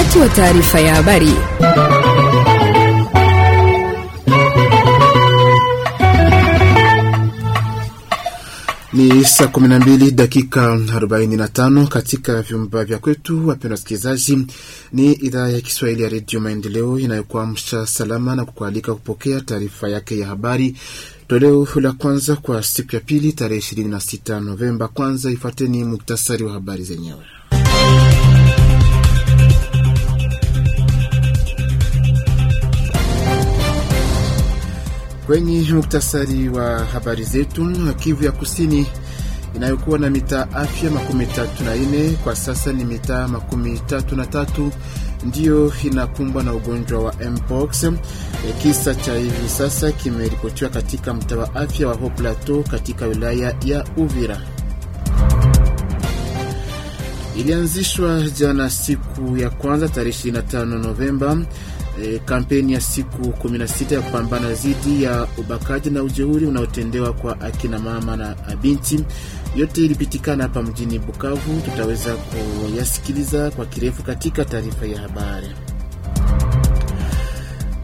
wakati wa taarifa ya habari. Ni saa 12 dakika 45 katika vyumba vya kwetu. Wapenda wasikilizaji, ni idhaa ya Kiswahili ya Redio Maendeleo inayokuamsha salama na kukualika kupokea taarifa yake ya habari toleo la kwanza kwa siku ya pili tarehe 26 Novemba. Kwanza ifuateni muktasari wa habari zenyewe. Kwenye muktasari wa habari zetu, Kivu ya Kusini inayokuwa na mitaa afya makumi tatu na ine kwa sasa ni mitaa makumi tatu na tatu ndiyo inakumbwa na ugonjwa wa mpox. Kisa cha hivi sasa kimeripotiwa katika mtaa wa afya wa Haut Plateau katika wilaya ya Uvira. Ilianzishwa jana siku ya kwanza tarehe 25 Novemba e, kampeni ya siku 16 ya kupambana dhidi ya ubakaji na ujeuri unaotendewa kwa akina mama na binti. Yote ilipitikana hapa mjini Bukavu, tutaweza kuyasikiliza kwa kirefu katika taarifa ya habari.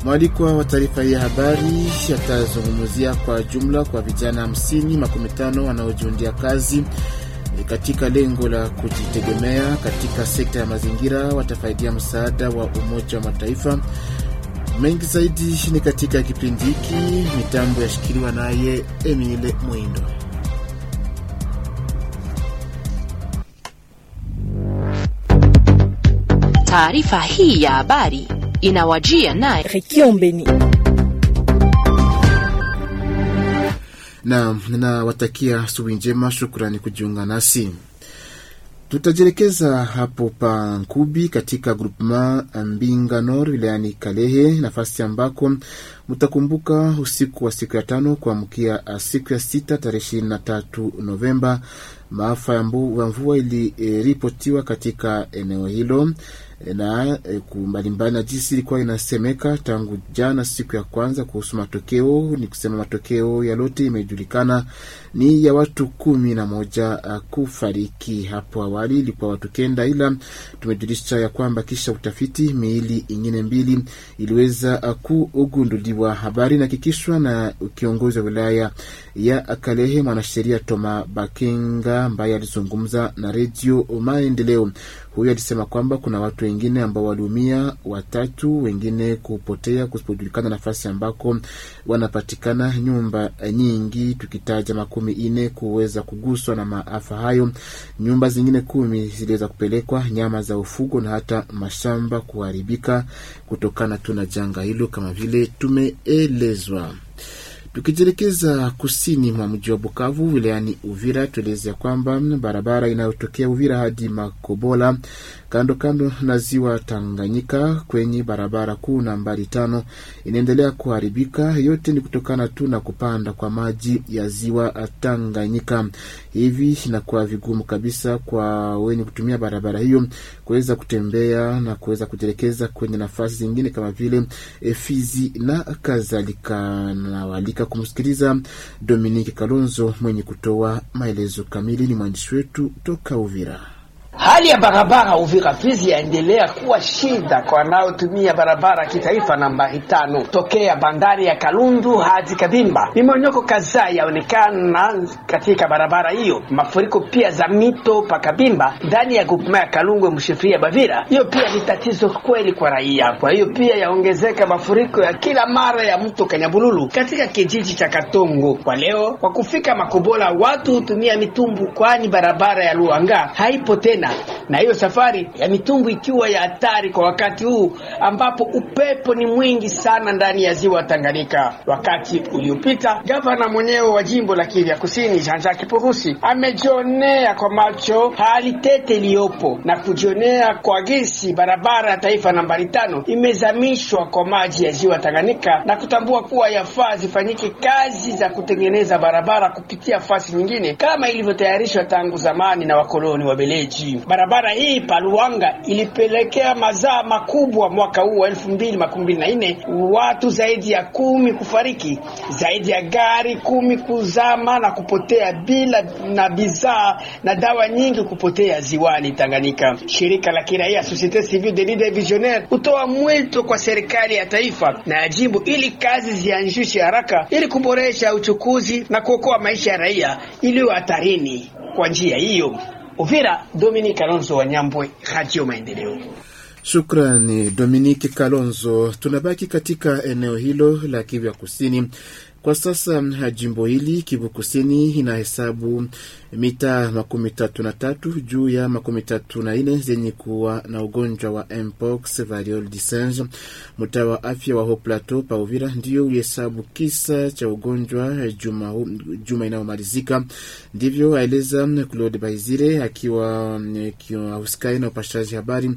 Mwalikwa wa taarifa ya habari atazungumzia kwa jumla kwa vijana 50 makumi tano wanaojiundia kazi katika lengo la kujitegemea katika sekta ya mazingira watafaidia msaada wa Umoja wa Mataifa. Mengi zaidi ni katika kipindi hiki. Mitambo yashikiliwa naye Emile Mwindo. Taarifa hii ya habari inawajia naye Rekiombeni. na ninawatakia asubuhi njema. Shukrani kujiunga nasi. Tutajielekeza hapo pa Nkubi katika grupema Mbinga nor wilayani Kalehe, nafasi ambako mtakumbuka usiku wa siku ya tano kuamkia siku ya sita tarehe ishirini na tatu Novemba maafa ya mvua iliripotiwa katika eneo hilo na e, eh, kumbalimbali na jinsi ilikuwa inasemeka tangu jana siku ya kwanza kuhusu matokeo. Ni kusema matokeo yalote imejulikana ni ya watu kumi na moja uh, kufariki. Hapo awali ilikuwa watu kenda, ila tumejulisha ya kwamba kisha utafiti miili ingine mbili iliweza uh, kugunduliwa. Habari inahakikishwa na kiongozi wa wilaya ya Kalehe, mwanasheria Toma Bakenga ambaye alizungumza na redio Maendeleo. Huyu alisema kwamba kuna watu wengine ambao waliumia watatu, wengine kupotea kusipojulikana nafasi ambako wanapatikana, nyumba nyingi tukitaja makumi kumi ine kuweza kuguswa na maafa hayo. Nyumba zingine kumi ziliweza kupelekwa, nyama za ufugo na hata mashamba kuharibika kutokana tu na janga hilo, kama vile tumeelezwa. Tukijielekeza kusini mwa mji wa Bukavu wilayani Uvira, tueleze kwamba barabara inayotokea Uvira hadi Makobola kando kando na ziwa Tanganyika kwenye barabara kuu nambari tano inaendelea kuharibika. Yote ni kutokana tu na kupanda kwa maji ya ziwa Tanganyika. Hivi inakuwa vigumu kabisa kwa wenye kutumia barabara hiyo kuweza kutembea na kuweza kujielekeza kwenye nafasi zingine kama vile Fizi na kadhalika. Nawaalika katika kumsikiliza Dominiki Kalonzo mwenye kutoa maelezo kamili. Ni mwandishi wetu toka Uvira. Hali ya barabara Uvira Fizi yaendelea kuwa shida kwa wanaotumia barabara ya kitaifa nambari tano tokea bandari ya Kalundu hadi Kabimba. Mimonyoko kadhaa yaonekana katika barabara hiyo, mafuriko pia za mito pa Kabimba ndani ya gupuma ya Kalungwe, ya Bavira. Hiyo pia ni tatizo kweli kwa raia, kwa hiyo pia yaongezeka mafuriko ya kila mara ya mto Kanyabululu katika kijiji cha Katongo. Kwa leo kwa kufika Makobola, watu hutumia mitumbu, kwani barabara ya Luanga haipo tena tena, na hiyo safari ya mitumbwi ikiwa ya hatari kwa wakati huu ambapo upepo ni mwingi sana ndani ya ziwa Tanganyika. Wakati uliopita, gavana mwenyewe wa jimbo la Kivu ya Kusini Jean-Jacques Purusi amejionea kwa macho hali tete iliyopo na kujionea kwa gisi barabara ya taifa nambari tano imezamishwa kwa maji ya ziwa Tanganyika na kutambua kuwa yafaa zifanyike kazi za kutengeneza barabara kupitia fasi nyingine kama ilivyotayarishwa tangu zamani na wakoloni wa Beleji mbili. Barabara hii Paluanga ilipelekea mazaa makubwa mwaka huu wa elfu mbili makumi mbili na nne, watu zaidi ya kumi kufariki, zaidi ya gari kumi kuzama na kupotea bila na bidhaa na dawa nyingi kupotea ziwani Tanganyika. Shirika la kiraia Societe Civile de Leader Visionnaire hutoa mwito kwa serikali ya taifa na ya jimbo ili kazi zianzishwe haraka ili kuboresha uchukuzi na kuokoa maisha ya raia iliyo hatarini. Kwa njia hiyo Uvira, Dominique Alonso wa Wanyambwe, Radio Maendeleo. Shukrani Dominique Kalonzo. Tunabaki katika eneo hilo la Kivu ya Kusini kwa sasa jimbo hili Kivu Kusini inahesabu mita makumi tatu na tatu juu ya makumi tatu na nne zenye kuwa na ugonjwa wa mpox variole du singe. Mtaa wa afya wa Haut Plateau pa Uvira ndio uhesabu kisa cha ugonjwa juma, juma inayomalizika. Ndivyo aeleza Claude Baizire akiwa akiwahusikae eh, eh, eh, na upashaji habari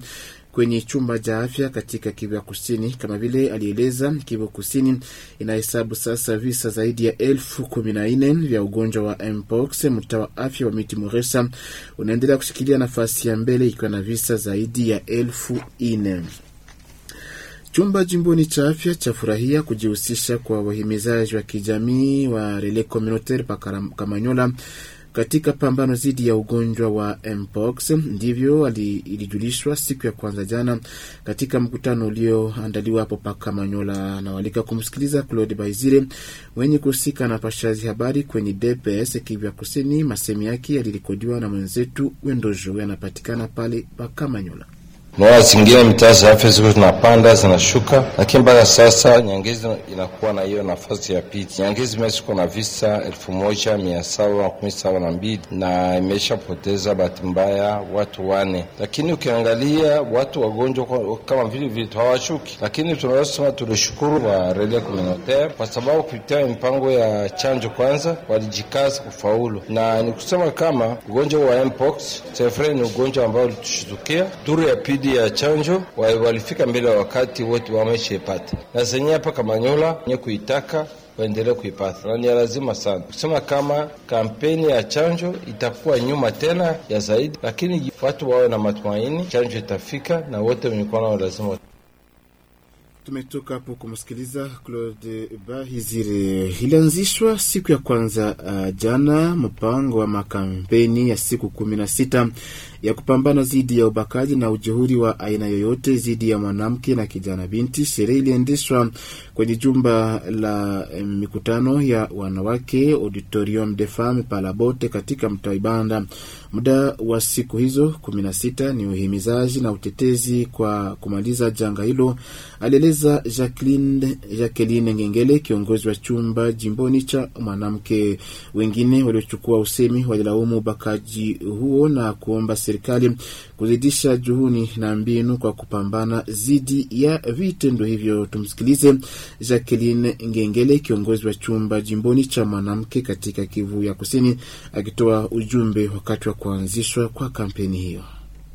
kwenye chumba cha afya katika Kivu ya Kusini. Kama vile alieleza, Kivu Kusini inahesabu sasa visa zaidi ya elfu kumi na nne vya ugonjwa wa mpox. Mtaa wa afya wa Miti Muresa unaendelea kushikilia nafasi ya mbele ikiwa na visa zaidi ya elfu nne. Chumba jimboni cha afya chafurahia kujihusisha kwa wahimizaji wa kijamii wa Relais Communautaire pa Kamanyola katika pambano dhidi ya ugonjwa wa mpox. Ndivyo ilijulishwa siku ya kwanza jana katika mkutano ulioandaliwa hapo Pakamanyola. Nawalika kumsikiliza Claude Baizire wenye kuhusika na pashazi habari kwenye DPS Kivu ya Kusini. Masemi yake yalirekodiwa na mwenzetu Wendojo, anapatikana pale paka manyola Unaona zingine mitaa za afya ziko zinapanda zinashuka, lakini mpaka sasa Nyangezi inakuwa na hiyo nafasi ya pili. Nyangezi imesiko na visa elfu moja mia saba makumi saba na mbili na imeshapoteza bahati mbaya watu wane, lakini ukiangalia watu wagonjwa kama vile vitu hawashuki, lakini tunaweza tulishukuru wa relais communautaire kwa sababu kupitia mipango ya chanjo kwanza walijikaza kufaulu, na ni kusema kama ugonjwa wa mpox sefre ni ugonjwa ambao ulitushutukia Duru ya pili dhidi ya chanjo walifika mbele ya wakati wote, wameshaipata na zenyewe hapa Kamanyola nye kuitaka waendelee kuipata na ni lazima sana, kusema kama kampeni ya chanjo itakuwa nyuma tena ya zaidi, lakini watu wawe na matumaini, chanjo itafika na wote wenye kuwa nao lazima Tumetoka hapo kumsikiliza Claude Bahizire. Ilianzishwa siku ya kwanza uh, jana mpango wa makampeni ya siku kumi na sita ya kupambana dhidi ya ubakaji na ujeuri wa aina yoyote dhidi ya mwanamke na kijana binti. Sherehe iliendeshwa kwenye jumba la mikutano ya wanawake Auditorium de Femme Palabote katika mtaa Ibanda. Muda wa siku hizo kumi na sita ni uhimizaji na utetezi kwa kumaliza janga hilo, alieleza Jacqueline, Jacqueline Ngengele, kiongozi wa chumba jimboni cha mwanamke. Wengine waliochukua usemi walilaumu ubakaji huo na kuomba serikali kuzidisha juhuni na mbinu kwa kupambana dhidi ya vitendo hivyo. Tumsikilize Jacqueline Ngengele, kiongozi wa chumba jimboni cha mwanamke katika Kivu ya Kusini, akitoa ujumbe wakati wa kuanzishwa kwa kampeni hiyo.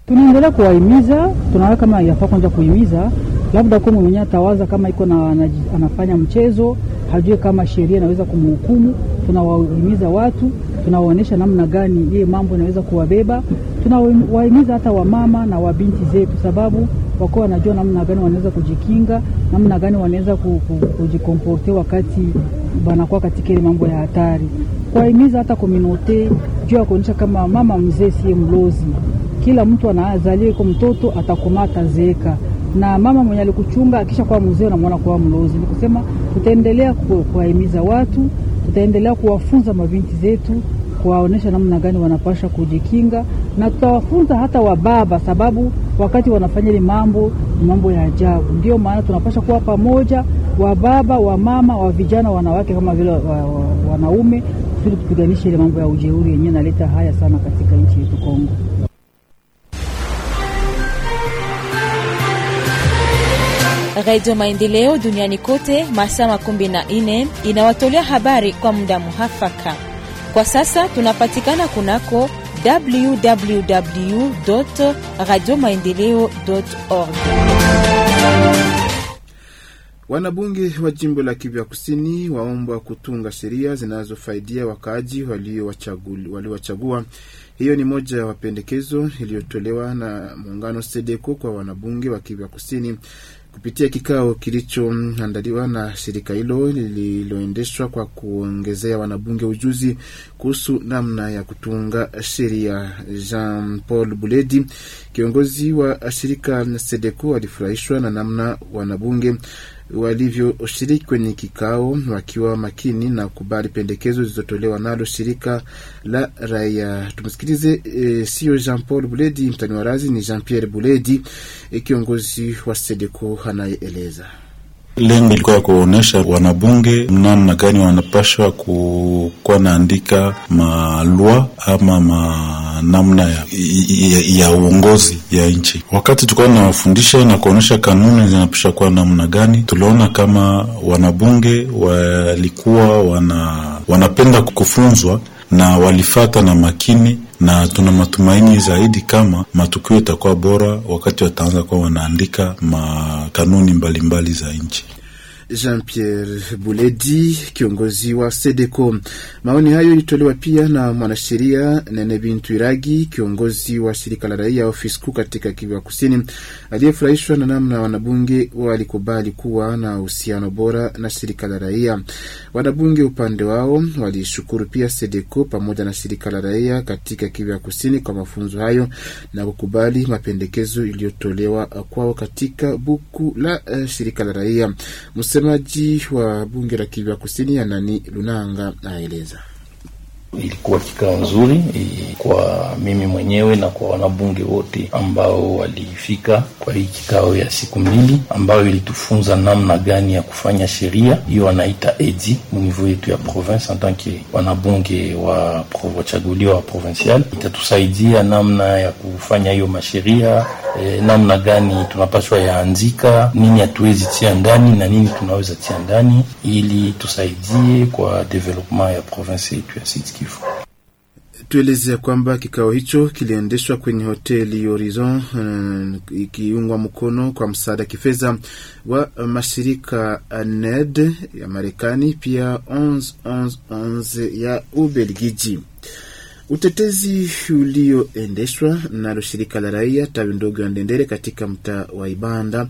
Tunaendelea kuwahimiza, tunaona kama yafaa kwanza kuhimiza, labda kwa mwenyewe atawaza kama iko na anafanya mchezo, hajue kama sheria inaweza kumhukumu. Tunawahimiza watu tunawaonyesha namna gani ye mambo inaweza kuwabeba. Tunawahimiza hata wamama na wabinti zetu, sababu wakuwa wanajua namna gani wanaweza kujikinga, namna gani wanaweza kujikomporte wakati wanakuwa katika ile mambo ya hatari. Kuwahimiza hata kominote juu ya kuonyesha kama mama mzee siye mlozi, kila mtu anazalia iko mtoto atakomaa atazeeka na mama mwenye alikuchunga akisha kuwa mzee unamwona kuwa mlozi. Nikusema tutaendelea kuwahimiza watu, tutaendelea kuwafunza mabinti zetu kuwaonesha namna gani wanapasha kujikinga, na tutawafunza hata wababa, sababu wakati wanafanya ile mambo ni mambo ya ajabu. Ndio maana tunapasha kuwa pamoja, wababa, wamama, wa vijana, wanawake kama vile wanaume, kusudi tupiganishe ile mambo ya ujeuri yenyewe naleta haya sana katika nchi yetu Kongo. Radio Maendeleo duniani kote masaa makumbi na nne inawatolea habari kwa muda muhafaka. Kwa sasa tunapatikana kunako www radio maendeleo org. Wanabunge wa jimbo la Kivu Kusini waombwa kutunga sheria zinazofaidia wakaaji waliowachagua. Hiyo ni moja ya mapendekezo iliyotolewa na muungano SEDEKO kwa wanabunge wa Kivu Kusini kupitia kikao kilichoandaliwa na shirika hilo lililoendeshwa kwa kuongezea wanabunge ujuzi kuhusu namna ya kutunga sheria. Jean Paul Buledi, kiongozi wa shirika Sedeco, alifurahishwa na namna wanabunge walivyoshiriki kwenye kikao wakiwa makini na kubali pendekezo zilizotolewa nalo shirika la raia. Tumsikilize e, sio Jean Paul Buledi mtani wa razi, ni Jean Pierre Buledi e, kiongozi wa SEDECO anayeeleza lengo ilikuwa ya kuonyesha wanabunge namna gani wanapashwa kukuwa naandika malwa ama ma namna ya, ya, ya uongozi ya nchi. Wakati tulikuwa nawafundisha na kuonyesha kanuni zinapisha kuwa namna gani, tuliona kama wanabunge walikuwa wana wanapenda kufunzwa na walifata na makini na tuna matumaini zaidi kama matukio itakuwa bora wakati wataanza kuwa wanaandika makanuni mbalimbali za nchi. Jean-Pierre Buledi, kiongozi wa SEDECO. Maoni hayo ilitolewa pia na mwanasheria Nene Bintu Iragi, kiongozi wa shirika la raia ofisi kuu katika Kivu Kusini, aliyefurahishwa na namna wanabunge walikubali kuwa na uhusiano bora na shirika la raia. Wanabunge upande wao walishukuru pia SEDECO pamoja na shirika la raia katika Kivu Kusini kwa mafunzo hayo na kukubali mapendekezo iliyotolewa kwao katika buku la uh, shirika la raia Musa Msemaji wa bunge la Kivu Kusini Anani Lunanga naeleza Ilikuwa kikao nzuri kwa mimi mwenyewe na kwa wanabunge wote ambao walifika kwa hii kikao ya siku mbili, ambayo ilitufunza namna gani ya kufanya sheria hiyo wanaita edi muniveau yetu ya province que wanabunge wachaguliwa wa provincial. Itatusaidia namna ya kufanya hiyo masheria e, namna gani tunapaswa yaanzika, nini hatuwezi tia ndani na nini tunaweza tia ndani, ili tusaidie kwa development ya province yetu ya Sud Kivu. Tueleze kwamba kikao hicho kiliendeshwa kwenye hoteli Horizon eh, ikiungwa mkono kwa msaada kifedha wa mashirika NED ya Marekani pia 11 11 11 ya Ubelgiji. Utetezi ulioendeshwa nalo shirika la raia tawi ndogo ya Ndendere katika mtaa wa Ibanda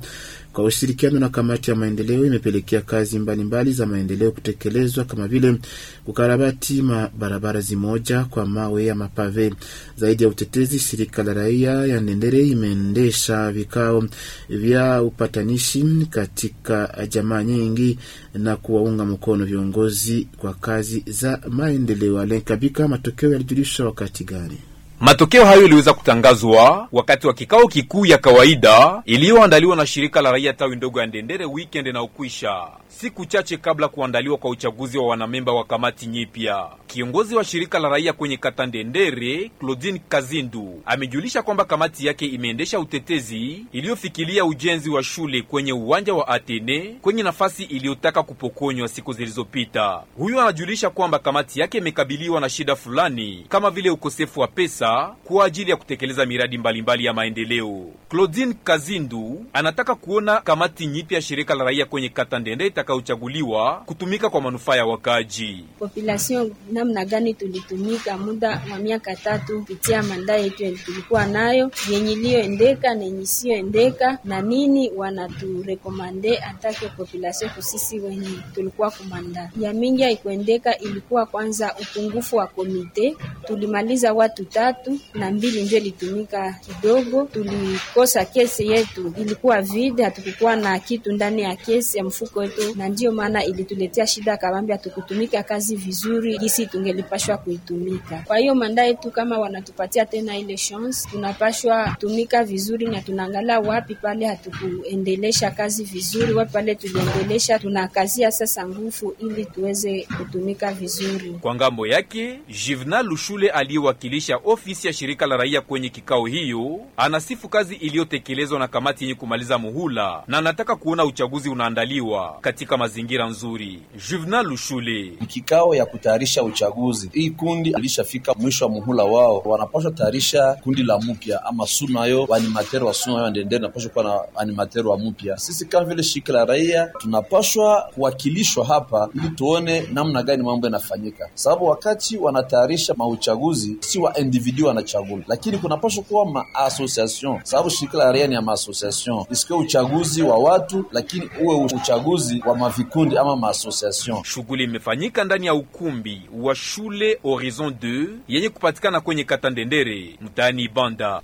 kwa ushirikiano na kamati ya maendeleo imepelekea kazi mbalimbali mbali za maendeleo kutekelezwa kama vile kukarabati barabara zimoja kwa mawe ya mapave. Zaidi ya utetezi, shirika la raia ya Ndendere imeendesha vikao vya upatanishi katika jamaa nyingi na kuwaunga mkono viongozi kwa kazi za maendeleo. alenkabika Kabika, matokeo yalijulisha wakati gani? Matokeo hayo iliweza kutangazwa wakati wa kikao kikuu ya kawaida iliyoandaliwa na shirika la raia tawi ndogo ya Ndendere wikend na ukwisha siku chache kabla kuandaliwa kwa uchaguzi wa wanamemba wa kamati nyipya. Kiongozi wa shirika la raia kwenye kata Ndendere, Claudine Kazindu, amejulisha kwamba kamati yake imeendesha utetezi iliyofikilia ujenzi wa shule kwenye uwanja wa Atene kwenye nafasi iliyotaka kupokonywa siku zilizopita. Huyu anajulisha kwamba kamati yake imekabiliwa na shida fulani kama vile ukosefu wa pesa kwa ajili ya kutekeleza miradi mbalimbali mbali ya maendeleo. Claudine Kazindu anataka kuona kamati nyipya ya shirika la raia kwenye kata Ndendere atakayochaguliwa kutumika kwa manufaa ya wakaji. Population namna gani tulitumika muda wa miaka tatu kupitia manda yetu tulikuwa nayo, yenye iliyoendeka na yenye isiyoendeka, na nini wanaturekomande atake population kusisi wenye tulikuwa kumanda ya mingi haikuendeka. Ilikuwa kwanza upungufu wa komite, tulimaliza watu tatu na mbili ndio ilitumika kidogo. Tulikosa kesi yetu ilikuwa vide, hatukukuwa na kitu ndani ya kesi ya mfuko wetu na ndiyo maana ilituletea shida, akawambia tukutumika kazi vizuri jisi tungelipashwa kuitumika. Kwa hiyo mandae tu kama wanatupatia tena ile chance, tunapashwa tumika vizuri, na tunaangalia wapi pale hatukuendelesha kazi vizuri, wapi pale tuliendelesha, tunakazia sasa nguvu ili tuweze kutumika vizuri. Kwa ngambo yake Jivna Lushule aliyewakilisha ofisi ya shirika la raia kwenye kikao hiyo anasifu kazi iliyotekelezwa na kamati yenye kumaliza muhula na anataka kuona uchaguzi unaandaliwa katika mazingira nzuri. Juvenal Lushule: kikao ya kutayarisha uchaguzi hii kundi alishafika mwisho wa muhula wao, wanapaswa tayarisha kundi la mpya ama sunayo waanimateri wa sunayo ndendere napashwa kuwa na animateri wa mpya. Sisi kama vile shirika la raia tunapashwa kuwakilishwa hapa ili tuone namna gani mambo yanafanyika, sababu wakati wanatayarisha mauchaguzi si wa individu wanachagula, lakini kunapashwa kuwa maasociation, sababu shirika la raia ni ya maasociation, isikiwe uchaguzi wa watu, lakini uwe uchaguzi wa mavikundi ama maasosiasion. Shughuli imefanyika ndani ya ukumbi wa shule Horizon 2 yenye kupatikana kwenye kata Ndendere mtaani Banda.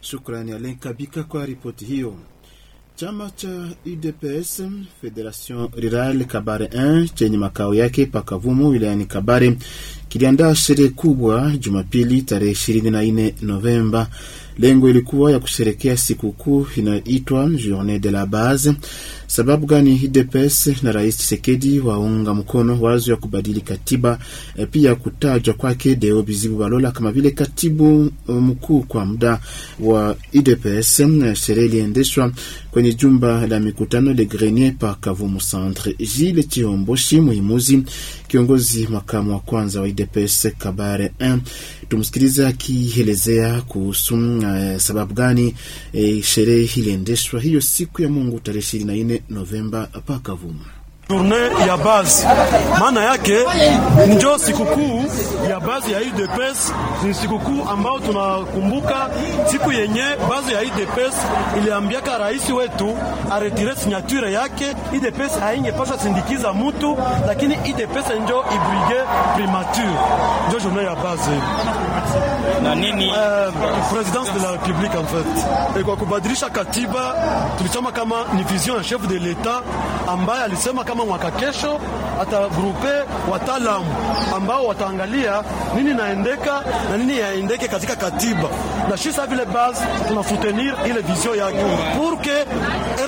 Shukrani Alen Kabika kwa ripoti hiyo. Chama cha UDPS Federation Rural Kabare 1 chenye makao yake Pakavumu wilayani Kabare kiliandaa sherehe kubwa Jumapili tarehe 24 Novemba. Lengo ilikuwa ya kusherekea sikukuu inayoitwa Journee de la Base. Sababu gani UDPS na Rais Tshisekedi waunga mkono wazo ya kubadili katiba? E, pia kutajwa kwake Deo Bizibu Balola kama vile katibu eh, mkuu kwa muda wa UDPS. Eh, sherehe iliendeshwa kwenye jumba la mikutano Le Grenier pa Kavumu Centre. Jile Chiomboshi Mwimuzi, kiongozi makamu wa kwanza wa UDPS Kabare. Eh, tumsikilize akielezea kuhusu uh, sababu gani uh, sherehe iliendeshwa hiyo siku ya Mungu tarehe 24 Novemba pakavuma journe ya base, maana yake njo sikukuu ya base ya UDPS. Ni sikukuu ambao tunakumbuka siku yenye base ya UDPS iliambiaka rais wetu aretire signature yake. UDPS haingepasha sindikiza mutu, lakini UDPS njo oblige primature, njo journe ya base na nini uh, presidence de la republique en fait. E, kwa kubadilisha katiba tulisema kama ni vision ya chef de l'etat ambaye alisema kama mwaka kesho atagrupe wataalamu ambao wataangalia nini naendeka na nini yaendeke katika katiba, na shisa vile base soutenir ile vision yake pour que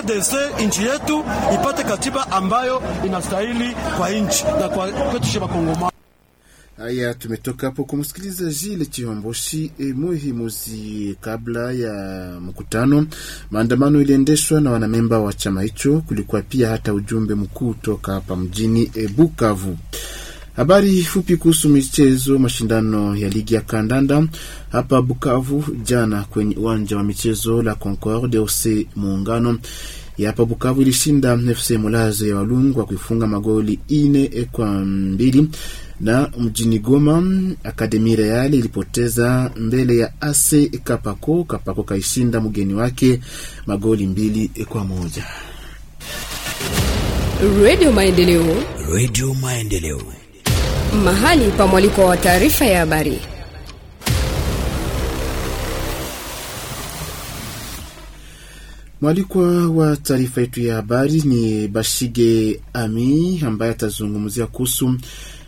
RDC nchi yetu ipate katiba ambayo inastahili kwa nchi na kwa kwetu shema Kongomani. Haya, tumetoka hapo kumsikiliza Jile Chiomboshi e Muhimuzi. Kabla ya mkutano, maandamano iliendeshwa na wanamemba wa chama hicho. Kulikuwa pia hata ujumbe mkuu toka hapa mjini e Bukavu. Habari fupi kuhusu michezo. Mashindano ya ligi ya kandanda hapa Bukavu jana kwenye uwanja wa michezo la Concorde ose Muungano ya hapa Bukavu ilishinda FC Mulaze ya Walungu kwa kuifunga magoli ine kwa mbili na mjini Goma Akademi Real ilipoteza mbele ya AC Kapako. Kapako kaishinda mgeni wake magoli mbili kwa moja. Radio Maendeleo, Radio Maendeleo, mahali pa mwaliko wa taarifa ya habari. Mwalikwa wa taarifa yetu ya habari ni Bashige Ami ambaye atazungumzia kuhusu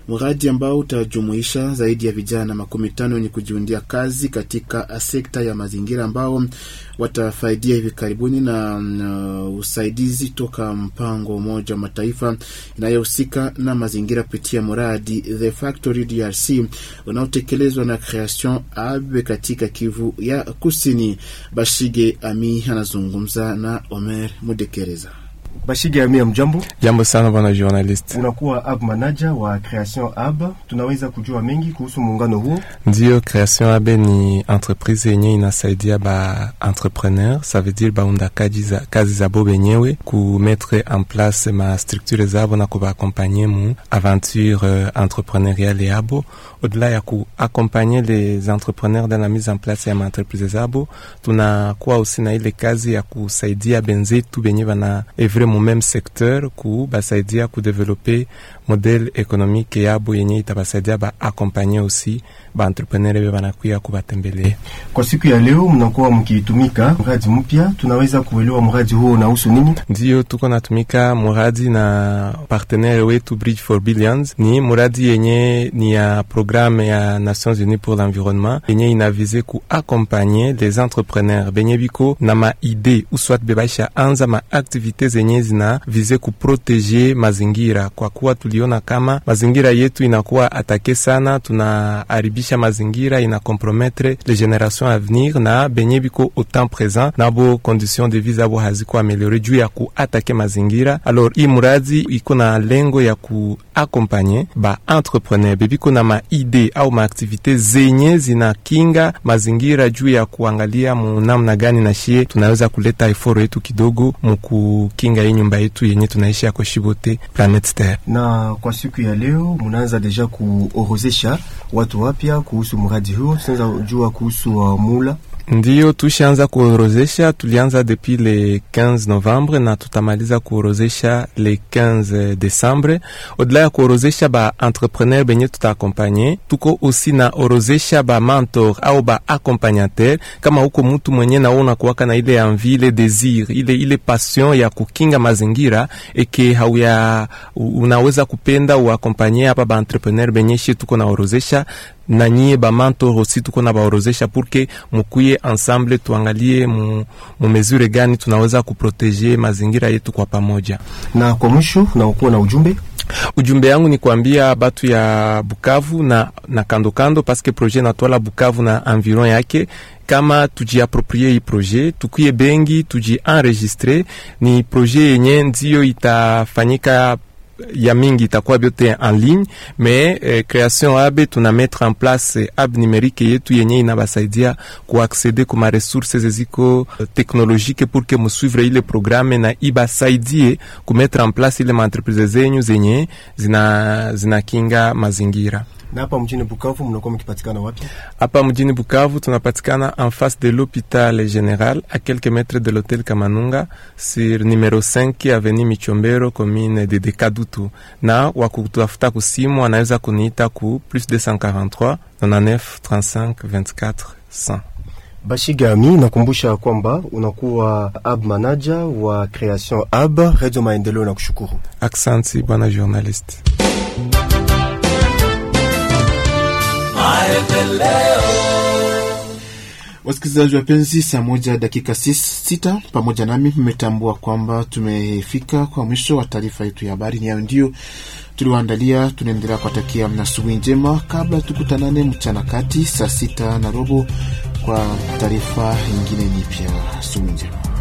mradi ambao utajumuisha zaidi ya vijana makumi tano wenye kujiundia kazi katika sekta ya mazingira ambao watafaidia hivi karibuni na uh, usaidizi toka mpango Umoja wa Mataifa inayohusika na mazingira kupitia mradi The Factory DRC unaotekelezwa na Creation Abe katika Kivu ya Kusini. Bashige Ami anazungumza na Omer Mudekereza. Bashige Amia, mjambo. Jambo sana bwana journalist. Unakuwa hub manager wa Creation Hub, tunaweza kujua mengi kuhusu muungano huo? Ndio, Creation Hub ni entreprise yenye inasaidia ba entrepreneur, ça veut dire baunda kazi za kazi za bo benyewe ku mettre en place ma structure zabo na accompagner mu aventure euh, entrepreneuriale yabo. Au-delà ya ku accompagner les entrepreneurs dans la mise en place ya ma maentreprise zabo, tunakuwa aussi na ile kazi ya kusaidia benzetu benye bana evre mon même secteur ku basaidia à développer model ekonomiki yabo yenye itabasaidia baakompanye ba baentrepreneur be banakuya kubatembelea. Kwa siku ya leo mnakuwa mkiitumika mradi mpya, tunaweza kuelewa mradi huo unahusu nini? Ndiyo, tuko natumika mradi na partenaire wetu Bridge for Billions. Ni mradi yenye ni ya programme ya Nations Unies pour l'environnement yenye ku kuakompanye les entrepreneurs benye biko na maide uswat bebaisha anza ma maaktivite zenye zina vize kuproteje mazingira kwa kuwa tulio tuliona kama mazingira yetu inakuwa atake sana, tunaharibisha mazingira, ina compromettre les generations avenir na benye biko au temps present nabo condition de vie zabo haziko ameliore juu ya kuatake mazingira. Alors hii muradi iko na lengo ya ku accompagné ba entrepreneur bebiko na maide au maaktivite zenye zinakinga mazingira juu ya kuangalia munamna gani na shie tunaweza kuleta eforo yetu kidogo mukukinga hii nyumba yetu yenye tunaishi yako shibote planet Terre. Na kwa siku ya leo munaanza deja kuorozesha watu wapya kuhusu mradi huo, tunaweza jua kuhusu uh, mula Ndiyo, tushaanza kuorozesha. Tulianza depuis le 15 Novembre na tutamaliza kuorozesha le 15 decembre. Odla ya kuorozesha ba entrepreneur benye tutaakompanye, tuko osi na orozesha ba mentor au ba accompagnateur. Kama huko mtu mwenye naona kuwaka na ile envi ile desir, ile ile passion ya kukinga mazingira eke hauya unaweza kupenda uakompanye hapa ba entrepreneur benye shi tuko naorozesha na nyie bamanto hosi tuko na baorozesha purke mukuye ensemble tuangalie mu, mu mesure gani tunaweza kuproteje mazingira yetu kwa pamoja. Na kwa mwisho, na ukuwa na ujumbe ujumbe yangu ni kuambia batu ya Bukavu na, na kando kando, paske proje natwala Bukavu na environ yake kama tujiaproprie hii proje, tukuye bengi tuji Ni proje yenye ndio itafanyika ya mingi itakuwa vyote en ligne mais eh, Creation tuna mettre en place eh, hub numerique yetu yenye inabasaidia kuaksede kuma resources ziko euh, teknologike pour que musuivre ile programme na ibasaidie kumetra en place ile maentreprise zenyu zenye zinakinga zina mazingira. Na hapa mjini Bukavu mnakuwa mkipatikana wapi? Hapa mjini Bukavu tunapatikana en face de l'hôpital général à quelques mètres de l'hôtel Kamanunga sur numéro 5 avenue Michombero commune de Dekadutu. Na wakutafuta kusimu anaweza kuniita ku plus 243 99 35 24 100. Bashigami, nakumbusha kwamba unakuwa ab manager wa Creation Hub Radio Maendeleo na kushukuru. Aksanti bwana journalist. Wasikilizaji wapenzi, saa moja dakika sita pamoja nami mmetambua kwamba tumefika kwa mwisho wa taarifa yetu ya habari. Niyo ndio tuliwaandalia. Tunaendelea kuwatakia asubuhi njema, kabla tukutanane mchana kati saa sita na robo kwa taarifa ingine nipya Asubuhi njema.